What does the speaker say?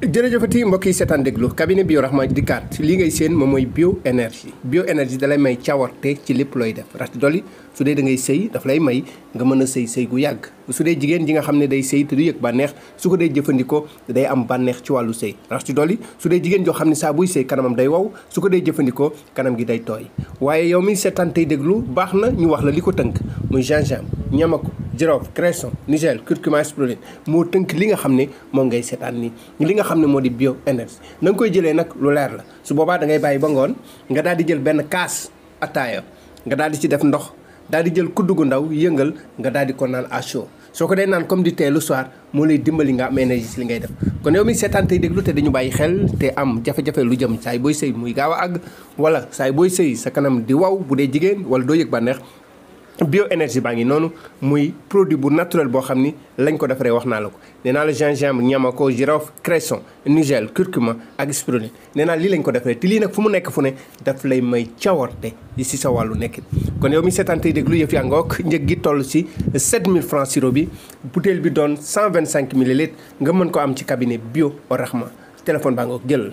jërëjëfati mbokk yi seetaan déglu cabinet bio rahma di kaat li ngay séen moom mooy bio énergie bio énergie dalay may cawarte ci lépp looy def rax dolli su dee da ngay sëy daf lay may nga mën a sëy sëy gu yàgg su dee jigéen ji nga xam ne day sëy te du yëg su ko dee jëfandikoo day am bànneex ci wàllu sëy rax ci dolli su dee jigéen joo xam ne saa buy sëy kanamam day wow su ko dee jëfandikoo kanam gi day tooy waaye yow mi seetaan tey déglu baax na ñu wax la li ko tënk muy gingembre ñamako girofle cresson nigel curcuma spiruline moo tënk li nga xam ne moom ngay seetaan nii li nga xam ne moo di bio énergie na nga koy jëlee nag lu leer la su boobaa da ngay bàyyi ba ngoon nga daal di jël benn kaas ataaya nga daal di ci def ndox daal di jël kuddu gu ndaw yëngal nga daal di ko naan à soo ko dee naan comme di tey le soir moo lay dimbali nga am énergie si li ngay def kon yow mi seetaan tey déglu te dañu bàyyi xel te am jafe-jafe lu jëm saay booy sëy muy gaaw a àgg wala saay booy sëy sa kanam di waw bu dee jigéen wala doo yëg bànneex bio bioénergie baa ngi noonu muy produit bu naturel boo xam ni lañ ko defaree wax naa la ko nee naa la gingembre ñamako girofle cresson nigel curcuma ak spiruline nee naa lii lañ ko defaree te lii nag fu mu nekk fu ne daf lay may cawarte yi si sa wàllu nekkin kon yow mi seetaan tey déglu yëf yaa ngook njëg gi toll si mille francs sirop bi bouteille bi doon 125 millilitres nga mën ko am ci cabinet bio Orahma téléphone baa ngook jël